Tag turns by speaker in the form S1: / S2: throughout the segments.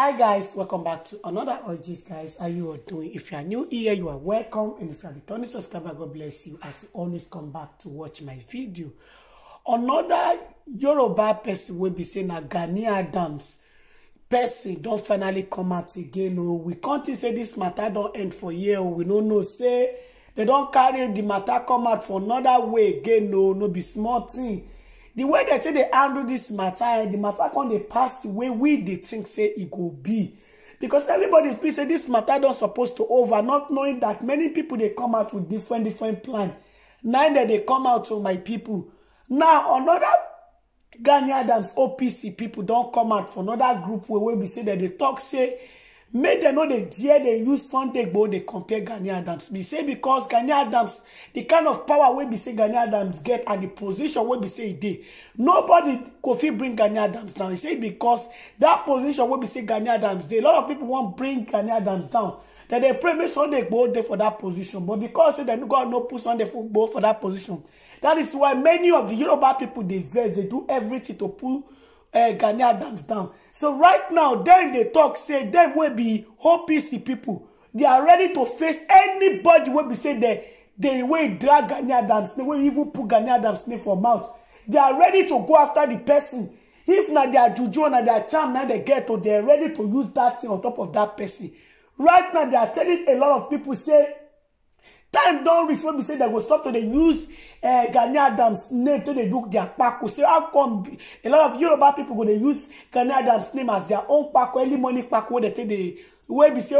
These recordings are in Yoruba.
S1: hi guys welcome back to another OGs guys how you are doing if you are new here you are welcome and if you are returning subscriber god bless you as you always come back to watch my video another Yoruba person will be saying a Gani Adams person don't finally come out again Oh, we can't think say this matter don't end for year. o oh. we no know say they don't carry the matter come out for another way again No, oh. no be small tin the way they say they handle this matter eh, the matter come they pass the way we dey think say it e will be because everybody feel say this matter don't supposed to over not knowing that many people they come out with different different plan na that dey come out to oh my people. now another Gani Adams opc people don't come out for another group where we say that they talk say make dem no dey dare dey use sunday igboho dey compare gani adams be say because gani adams the kind of power wey be say gani adams get and the position wey be say e dey nobody go fit bring gani adams down e say because that position wey be say gani adams dey a lot of people wan bring gani adams down dem dey pray make sunday igboho dey for that position but because say dem god no put sunday igboho for that position that is why many of the yoruba people dey vex dey do everything to pull eh, gani adams down so right now dem they talk say them will be opc people. they are ready to face anybody will be say dem they will drag Gani Adams name wey even put Gani Adams name for mouth they are ready to go after the person if not, they are juju and they are charm na they get to they are ready to use that thing on top of that person right now they are telling a lot of people say time don reach wey be say dem go stop to dey use eh, gani adams name to dey do their kpako So how come a lot of yoruba people go dey use gani adams name as their own kpako early morning kpako wey dem take dey wey be say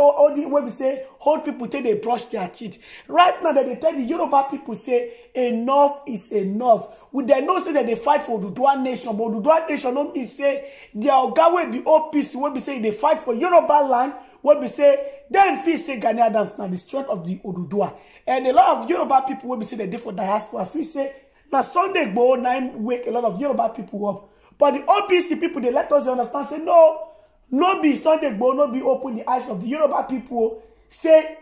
S1: old people take dey brush their teeth right now dem dey tell the yoruba people say enough is enough we dem know say dem dey fight for oduduwa nation but oduduwa nation no mean say dia oga wey be opc wey be say e dey fight for yoruba land wey be say dem feel say gani adams na the strength of the oduduwa and a lot of yoruba people will be say dem dey for diaspora we say now sunday go nine wake a lot of yoruba people up but the opc people they let us understand say no no be sunday go no be open the eyes of the yoruba people. say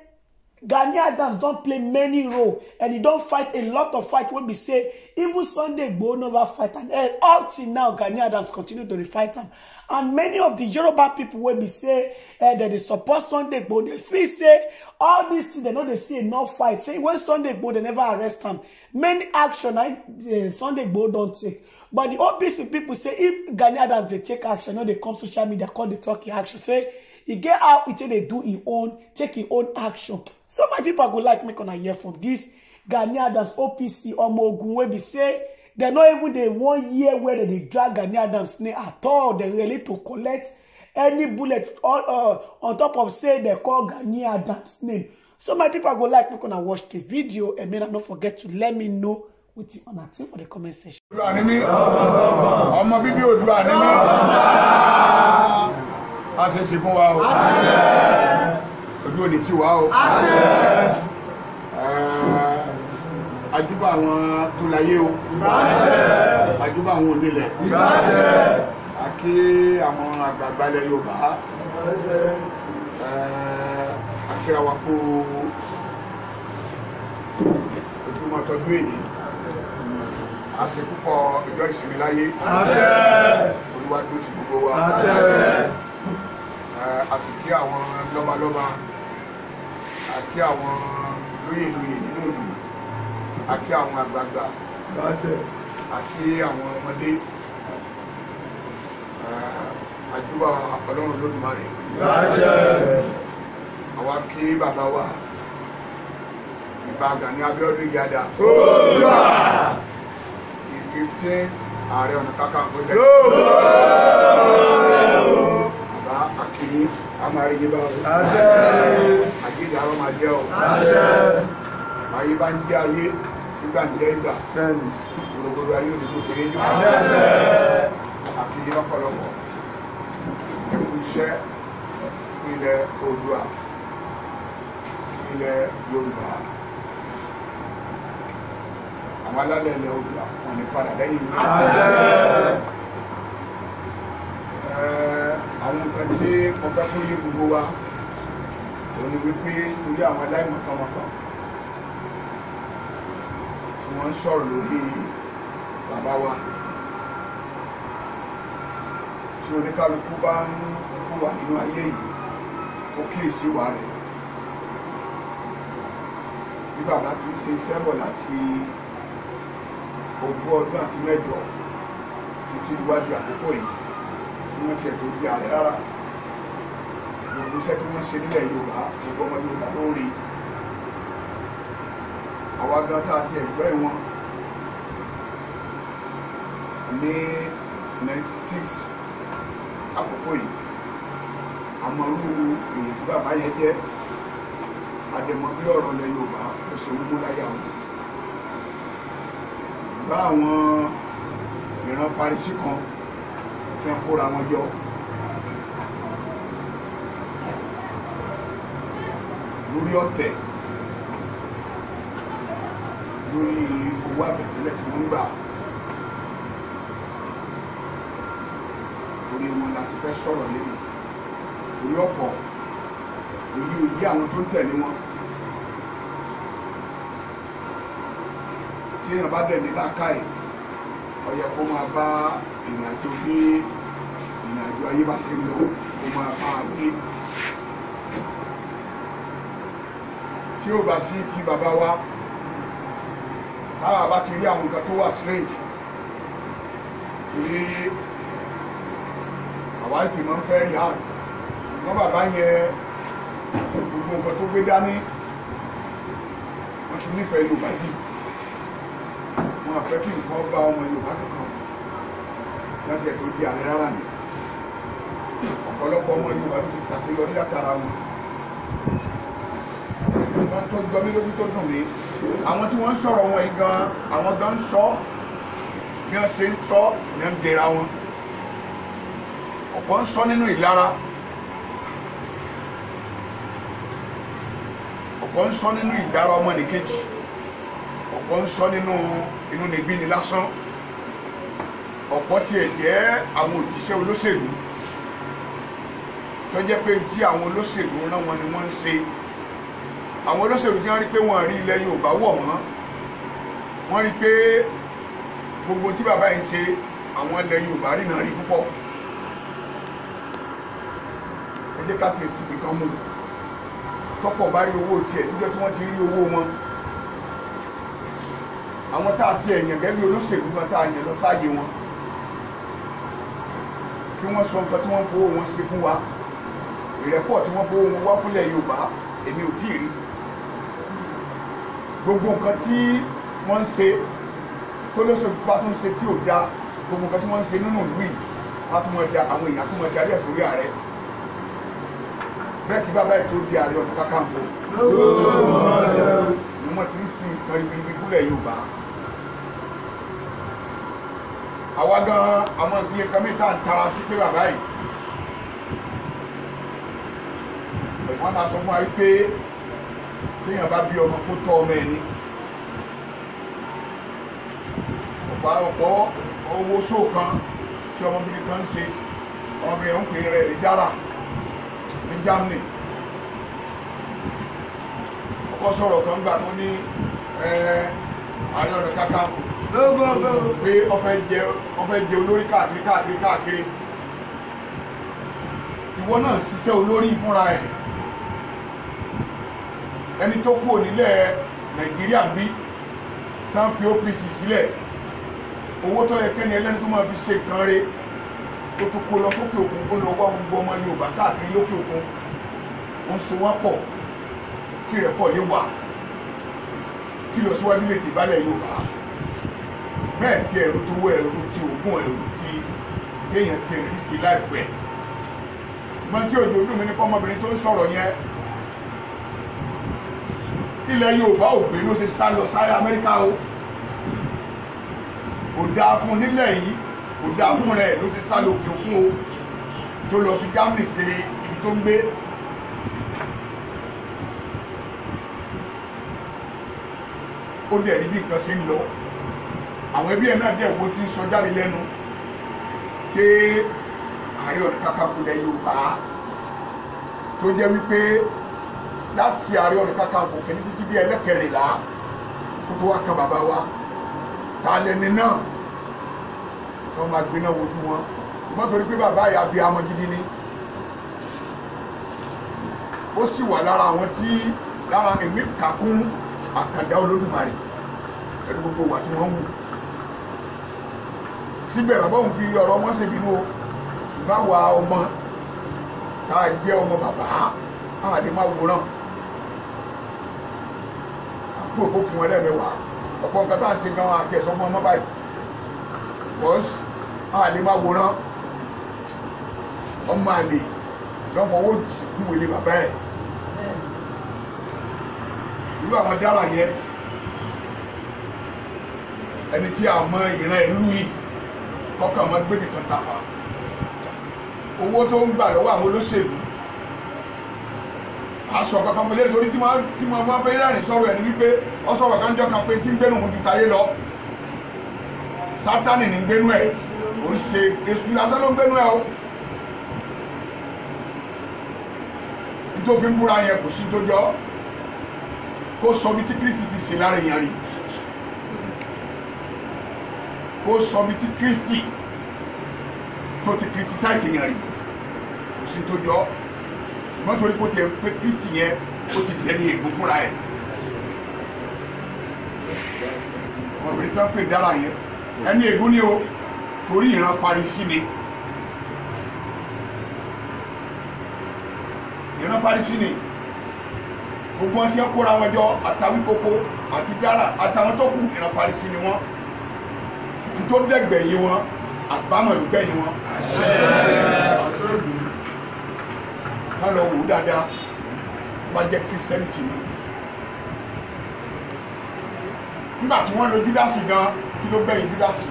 S1: gani adams don't play many role and he don't fight a lot of fight wey we say even sunday gboo never fight and up till now gani adams continue to fight am and many of the yoruba people wey be say that eh, they support sunday gboo They feel say all these things They know they see enough fight say when sunday gboo they never arrest am many action I eh, sunday gboo don't take but the obc people say if gani adams they take action no they come social media call the talk action say e get how e take dey do e own take e own action so my pipo go like make una hear from dis gani adams opc ogun wey be say dem no even dey one year where dem dey drag gani adams name at all dem really to collect any bullet uh, on top of say dem call gani adams name so my pipo go like make una watch di video and may make no forget to let me know wetin una think for di comment section. ọmọ bíbí Oòduà ni mí
S2: wá ṣe é wa o ojú ò ní tì wá o àjúbà àwọn tó láyé o àjúbà àwọn onílẹ̀ àkí àwọn àgbàgbàlẹ̀ Yorùbá àkíra wa kó ojúmọ́ tọdún èyí àṣepúpọ̀ ìjọ ìsinmi láyé olúwa dúró ti gbogbo wa a sì kí àwọn lọ́balọ́ba a kí àwọn lóyèlóyè nínú ìlú a kí àwọn àgbààgbà a kí àwọn ọmọdé àjúbà ọlọ́run lódùmarè àwa kí bàbá wa ìbà Gani Abíọ́dún Ìyáda the fifteenth ààrẹ ọ̀nà kakanfò jẹ́. bàbá akin amáríyébá o. àjíǹde àwọn máa jẹ́ o. ayé bá ń jẹ́ ayé nígbà nílẹ̀ ìgbà. gbogbo ayé òní tó kéré jù. akin ọ̀pọ̀lọpọ̀ ẹkú iṣẹ́ ilẹ̀ Oòduà ilẹ̀ Yorùbá àwọn alálẹ̀ ilẹ̀ Oòduà wọn ní padà lẹ́yìn yìí. àwọn nǹkan tí mo fẹ́ fún yín gbogbo wa òun ni wípé torí àwọn aláìmọ̀kànmọ̀kàn tí wọ́n ń sọ̀rọ̀ lórí bàbá wa tí oníkálukú bá ń wà nínú ayé yìí ó kíyèsí wa rẹ̀ bí bàbá ti ń ṣe iṣẹ́ bọ̀ láti ogún ọdún àti mẹ́jọ títí wájú àkókò yìí tí wọ́n tiẹ̀ tó di ààrẹ rárá gbogbo iṣẹ́ tí wọ́n ṣe nílẹ̀ Yorùbá gbogbo ọmọ Yorùbá ló ń rí àwa gan tá a ti ẹ̀gbẹ́ wọn ní ninety àkókò yìí àmọ́ irú èyí tí bàbá yẹn jẹ́ àdèmọ́ bí ọ̀rọ̀ ilẹ̀ Yorùbá kò ṣe ń mú wọn bá àwọn ìran Farisí kan tí wọ́n kóra wọn jọ. lórí ọ̀tẹ̀ lórí owó àbẹ̀tẹ́lẹ̀ tí wọ́n ń gbà torí wọn la sì fẹ́ sọ̀rọ̀ lẹ́nu torí ọ̀pọ̀ èyí ò àwọn tó ń tẹ̀lé wọn. tí èèyàn bá dẹ̀ ní lákàyè ó yẹ kó máa bá ìrìnàjò ní ìrìnàjò ayé bá ṣe ń lọ kó máa bá a gbé tí ó bá sí ti bàbá wa táwa bá ti rí àwọn nǹkan tó wà strange torí àwa ìtì máa ń fẹ́ rí heart ṣùgbọ́n bàbá yẹn gbogbo nǹkan tó gbé dání wọ́n ti nífẹ̀ẹ́ Yorùbá yìí wọn àfẹ́ kí nǹkan bá ọmọ Yorùbá kankan wọn ti ẹ̀ tó di ààrẹ rárá ni ọ̀pọ̀lọpọ̀ ọmọ Yorùbá ló ti ṣàṣeyọrí látara wọn wọn tó jọ mí lójú tó dùn mí àwọn tí wọ́n ń sọ̀rọ̀ wọn yìí gan àwọn gan ń sọ bí wọ́n ṣe ń sọ ní ń dera wọn ọ̀pọ̀ ń sọ nínú ìlara ọ̀pọ̀ ń sọ nínú ìdára ọmọ nìkejì ọ̀pọ̀ ń sọ nínú inú níbí ni lásán ọ̀pọ̀ tiẹ̀ jẹ́ àwọn òjíṣẹ́ olóṣèlú tó jẹ́ pé tí àwọn olóṣèlú rán wọn ni wọ́n ń ṣe àwọn olóṣèlú tí rí pé wọ́n rí ilẹ̀ Yorùbá wọ̀ wọ́n wọ́n rí pé gbogbo tí bàbá yìí ṣe àwọn ilẹ̀ Yorùbá rí náà rí púpọ̀ ẹ jẹ́ ká tiẹ̀ tì nìkan mú tọ́pọ̀ bá rí owó tiẹ̀ níjọ́ tí wọ́n ti rí owó wọn àwọn tá a ti ẹ̀yàn gẹ́gẹ́ bí olóṣèlú náà tá a yàn lọ sáàyè wọn kí wọ́n sọ nǹkan tí wọ́n fowó wọn ṣe fún wa ìrẹ́pọ̀ tí wọ́n fowó wọn wá fúnlẹ̀ Yorùbá èmi ò tí ì rí gbogbo nǹkan tí wọ́n ń ṣe tó lóṣèlú bá tún ṣe tí ò dáa gbogbo nǹkan tí wọ́n ń ṣe nínú ìlú yìí wọ́n tún da àwọn èèyàn tún máa darí ẹ̀ sórí ààrẹ bẹ́ẹ̀ kí bàbá ẹ̀ tó di ààrẹ ọ̀nà kakanfò wọ́n ti ń sin nǹkan ribiribi fúnlẹ̀ Yorùbá àwa gan àwọn ìpínlẹ̀ kan mẹ́ta ń tara sí pé bàbá yìí wọ́n máa sọ fún wa wípé téèyàn bá bí ọmọ kó tọ́ ọmọ ẹ̀ ní ọ̀pá ọ̀pọ̀ owó sóòkan tí ọmọbìnrin kan ń ṣe ọmọbìnrin ń pè rẹ̀ ní jára ní Germany kọ́kọ́ sọ̀rọ̀ kan gbà tó ní ààrẹ ọ̀nà kakanfò pé ọfẹ́ jẹ ọfẹ́ jẹ olórí káàkiri káàkiri káàkiri ìwọ náà ṣiṣẹ́ olórí fúnra ẹ̀ ẹni tó kú onílẹ̀ nàìjíríà ń bí tán fi OPC sílẹ̀ owó tó yẹ kẹ́ni ẹlẹ́ni tó máa fi ṣe nǹkan re tó tún kó lọ sókè òkun kó lọ wá gbogbo ọmọ Yorùbá káàkiri lókè òkun ń so wọ́n pọ̀ kí rẹ̀pọ̀ lè wà kí lọ síwájú lè dé bálẹ̀ Yorùbá bẹ́ẹ̀ tí ẹ̀rù tó wọ ẹ̀rù tí oògùn ẹ̀rù tí èèyàn ti rìsíkì láìpẹ́ ṣùgbọ́n tí òjò dùn mí nípa ọmọbìnrin tó ń sọ̀rọ̀ yẹn ilẹ̀ Yorùbá ò gbé ló ṣe sá lọ sáyà Amẹ́ríkà o kò dáa fún nílẹ̀ yìí kò dáa fún rẹ̀ ló ṣe sá lọ òkè òkun o tó lọ fi Germany ṣe ibi tó ń gbé ó dẹ̀ rí bí nǹkan ṣe ń lọ àwọn ẹbí ẹ̀ náà dẹ̀ wo ti ń sọ jáde lẹ́nu ṣé ààrẹ ọ̀nà kakanfò lẹ̀ yorùbá tó jẹ́ wípé láti ààrẹ ọ̀nà kakanfò kẹ́ni títí bí ẹlẹ́kẹrìnlá kó tó wá kan bàbá wa ta lẹni náà tó máa gbiná wojú wọn ṣùgbọ́n torí pé bàbá yà bí amọ̀ gidi ni ó sì wà lára àwọn tí lára èmi kàkún àkàndá olódùmarè pẹ̀lú gbogbo wà tí wọ́n ń wù síbẹ̀ bàbá òun fi ọ̀rọ̀ ọmọ ṣèbínú o ṣùgbọ́n àwa ọmọ tá a jẹ́ ọmọ bàbá á lè máa wòran àpò òfókì wọn lẹ́ẹ̀mẹ́wàá ọ̀pọ̀ nǹkan tá à ń ṣe gan àti ẹ̀sọ́ fún ọmọ báyìí bọ́s á lè máa wòran ọmọ àlè tí wọ́n fọwọ́ jùwèlé bàbá ẹ̀ irú àwọn dára yẹ ẹni tí a mọ ìran ìlú yìí kọkàn mọ gbẹmí kan tàfà owó tó ń gbà lọ́wọ́ àwọn olóṣèlú aṣọ kankan pẹ̀lẹ́ torí tí mo máa fẹ́ rẹ́rìn sọ̀rọ̀ ẹ̀ ní wípé ọ̀sọ̀rọ̀ kan jọ kan pé tí ń gbẹ́nu mu ju tayé lọ sátani ní gbẹ́nu ẹ̀ ó ń ṣe èṣù lásán ló ń gbẹ́nu ẹ̀ o. nítorí fi ń búra yẹn kò sí tó kó sọ bí tí Kristi ti sìn lára èèyàn rí kó sọ bí tí Kristi tó ti criticize èèyàn rí kò sí tó jọ ṣùgbọ́n torí kó tiẹ̀ pé Kristi yẹn ó ti bẹ́ẹ̀ ní ègbó fúnra ẹ̀ ọ̀bìnrin tó ń pè dára yẹn ẹni ègbó ni o torí ìran Farisí ni. ìran Farisí ni gbogbo wọn ti ń kóra wọn jọ àtàwí koko àti dára àtàwọn tó kù ìran parisi ni wọn tó dẹgbẹ̀yìn wọn àbámọ̀ ló gbẹ̀yìn wọn. ká lọ wò ó dáadáa bá jẹ́ christianity ni. nígbà tí wọ́n lo júdásì gan kí ló gbẹ̀yìn júdásì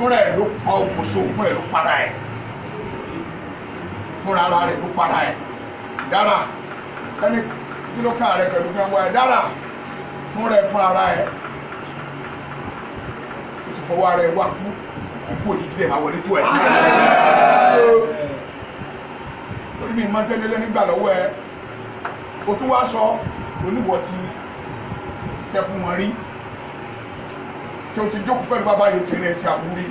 S2: fúnra ẹ̀ ló pa òkòso fúnra ẹ̀ ló para ẹ̀ fúnra ara rẹ̀ ló para ẹ̀ dára ẹni kí ló kàn rẹ pẹ̀lú gbẹ̀ngàn ẹ̀ dára fún rẹ fún ara ẹ̀ fọwọ́ ara ẹ̀ wá kú kú òjijì rẹ̀ àwọ̀lé tó ẹ̀. torí mi máa ń tẹ́lẹ̀ lẹ́nu lọ́wọ́ ẹ o tún wá sọ oníwọ̀ ti ṣiṣẹ́ fún wọn rí ṣé o ti jókòó pẹ̀lú bàbá yìí tí ní ẹsẹ̀ àbúrí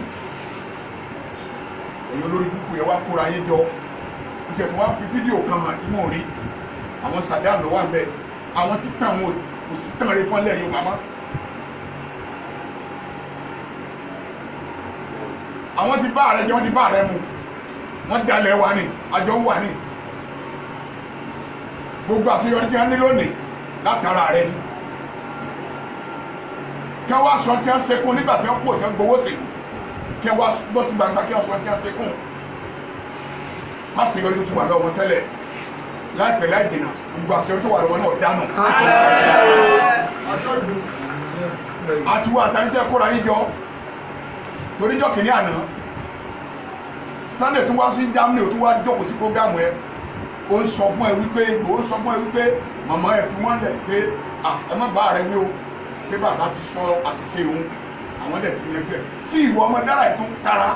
S2: èyí olórí dúkù yẹn wá kóra yín jọ ìṣẹ̀tún wá fi fídíò kan hàn tí mò ń rí àwọn Saddam ló wà ń bẹ àwọn títà wọn kò sí tàn rí fún ilẹ̀ Yorùbá mọ́. àwọn ti bá ààrẹ jẹ wọ́n ti bá ààrẹ mu wọ́n dalẹ̀ wa ni àjọ ń wà ní gbogbo àṣeyọrí tí wọ́n ní lónìí látara rẹ ni kí wọ́n sọ tí wọ́n sekun nígbà tí wọ́n kú òtún gbowó sí kí wọ́n bọ́ sí gbangba kí wọ́n sọ tí wọ́n sekun má ṣèyọrí tó ti wà lọ́wọ́ tẹ́lẹ̀ láìpẹ́ láì dènà gbogbo àṣẹ tó wà lọ́wọ́ náà dànù. àtiwọ́ àtàríjẹ́ kóra yín jọ toríjọ́ kìíní àná Sunday tún wá sí Germany ò tún wá jókòó sí programu ẹ ó ń sọ fún ẹ wípé ó ń sọ fún ẹ wípé màmá ẹ fún wọn lẹ pé ẹ má bàa rẹ wí o pé bàbá ti sọ àṣìṣe òun àwọn dẹ̀ ti yẹn pẹ́ sí ìwọ ọmọ dára ẹ̀ tó ń tara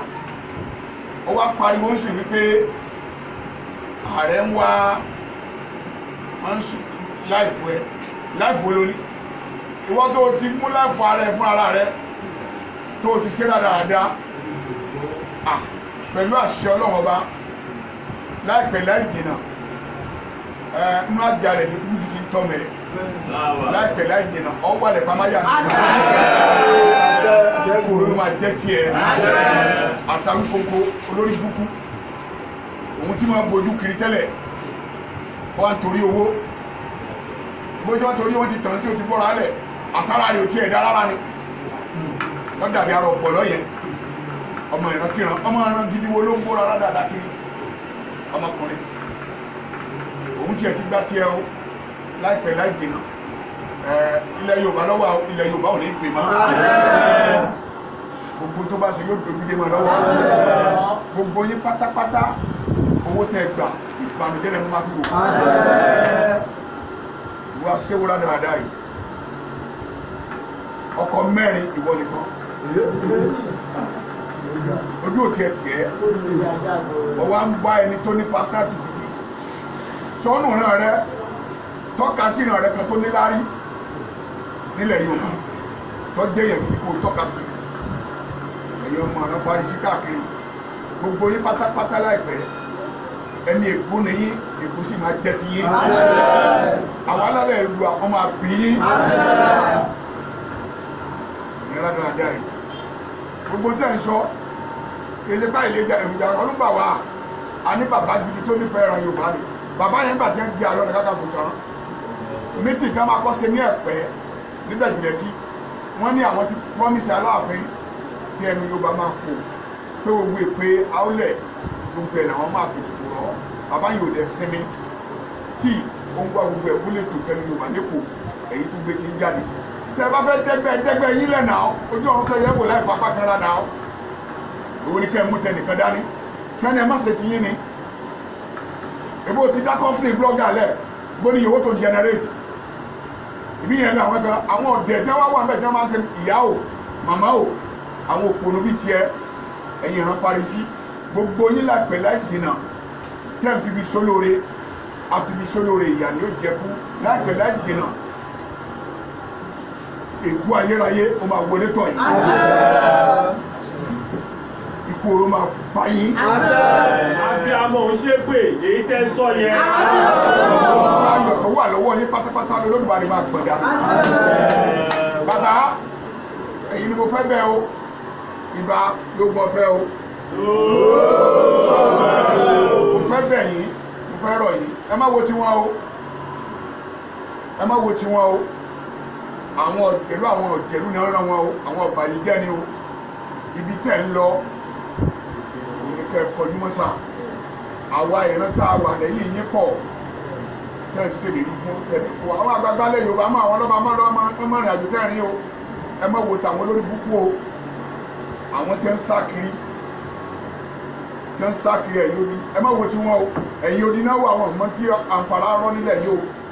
S2: ó pariwo ó sì wípé ààrẹ ń wá Mansur láìfù ẹ̀ láìfù wo ló ní ìwọ tó o ti mú láìfù ara ẹ fún ara rẹ tó o ti ṣe dáadáa pẹ̀lú àṣẹ ọlọ́run ọba láìpẹ́ láì jìnnà nínú àjà rẹ̀ ní kúrú ti tọ́ mẹ́ láìpẹ́ láì jìnnà ọwọ́ àlẹ́ pàmáyà ní kúrú ló máa jẹ́ tiẹ̀ àtàwí koko olórí búkú òun ti máa bójú kiri tẹ́lẹ̀ wọ́n torí owó bójú wọn torí wọn ti tàn sí o ti bọ́ra lẹ̀ àsárá rẹ̀ ò tiẹ̀ dá rárá ni wọ́n dàbí arọ ọ̀pọ̀lọ́ yẹn ọmọ ìran kíran ọmọ ìran gidi wo ló ń bó rárá dáadáa kiri ọmọkùnrin òun tiẹ̀ ti gbá tiẹ̀ o láìpẹ́ láì dènà ilẹ̀ Yorùbá lọ́wọ́ ilẹ̀ Yorùbá ò ní pè mọ́ gbogbo tó bá ṣe yóò dojú dé mọ́ lọ́wọ́ gbogbo yín pátápátá owó tẹ́ gbà ìbànújẹ́ lẹ́nu máa fi wò. ìwà sẹ́wọ́lá ni àdá yìí ọkọ mẹ́rin ìwọ nìkan ojú òtí ẹ̀ tiẹ̀ ọwọ́ à ń gbá ẹni tó ní pásítátì gidi sọ́nù náà rẹ tọ́ka sí ìran rẹ kan tó níláárí nílẹ̀ Yorùbá tọ́jú èèyàn kò tọ́ka sí ẹ̀yọ́ ọmọ ọ̀nà Farisí káàkiri gbogbo yín pátápátá láìpẹ́ ẹ̀mí èkó ni yín èkó sì máa jẹ́ ti yín àwọn alálẹ̀ ìlú àwọn máa bì yín ìran náà dá yìí gbogbo tẹ́ ń sọ kele báyìí lè jẹ èròjà ọdún bà wá a ní bàbá gidi tó nífẹ̀ẹ́ ran Yorùbá ni bàbá yẹn gbà tí ń di àlọ́ nìkan kàfù tán mítì kan máa kọ́ ṣe ní ẹ̀pẹ́ níbẹ̀ jùlẹ̀ kí wọ́n ní àwọn ti promise Aláàfin bí ẹnu Yorùbá máa kó pé gbogbo èpè áúlẹ̀ gbogbo ẹ̀ làwọn máa fi tòtò rọ̀ bàbá yìí ò dẹ̀ sinmi still ó ń wá gbogbo ẹ̀ kó lè tó kẹ́nu yorùbá lẹ́kọ̀ọ́ èyí tó gbé ti ń jáde tẹ bá fẹ́ dẹ́gbẹ́ dẹ́gbẹ́ yín lẹ̀ náà ojú ọ̀run tẹ yẹ wò láì fapá kan ra náà òun ni kẹ́ ẹ mú tẹ nìkan dání sẹ́ni ẹ má ṣe ti yín ni èbó ti dá company blogger lẹ̀ gbóni yòówó tó generate ìbí yẹn ní àwọn kan àwọn ọ̀dẹ̀ tí wọ́n wà bẹ́ẹ̀ tí wọ́n máa ń ṣe ìyá o màmá o àwọn òpònú bíi tiẹ̀ ẹ̀yìn hàn Farisí gbogbo yín lápẹ̀ láì dènà tẹ́ ń fi mi sólóore àfibi sólóore ìyà ni ó jẹ́kú láìpẹ́ láì dènà èkú ayérayé ó máa wọlé tọ̀ yìí ikú oró máa pa yín. abiyamọ ò ṣe pé èyí tẹ́ sọ yẹn. ayọ̀ tó wà lọ́wọ́ yín pátápátá lọ́lọ́gbà ni máa gbọ̀dá. bàbá èyí ni mo fẹ́ bẹ́ẹ̀ o ìbá ló gbọ́ fẹ́ o. mo fẹ́ bẹ̀ yín mo fẹ́ rọ yín ẹ má wo o ẹ má wo o àwọn ìlú àwọn òjèlú ni wọn o àwọn ọba yìí ni o ibi tẹ ń lọ oníkẹ́ kọjúmọ́ sá àwa ìran tá a wà lẹ́yìn yín ẹ fún tẹ̀lé kó àwọn àgbàgbà Yorùbá àwọn o ẹ má wo tàwọn olórí àwọn ń tán sákiri ẹ̀yìn odi ẹ má wo tiwọn o ẹ̀yìn odi náà wà wọn mọ tí àǹfààní arọ nílẹ̀ yìí o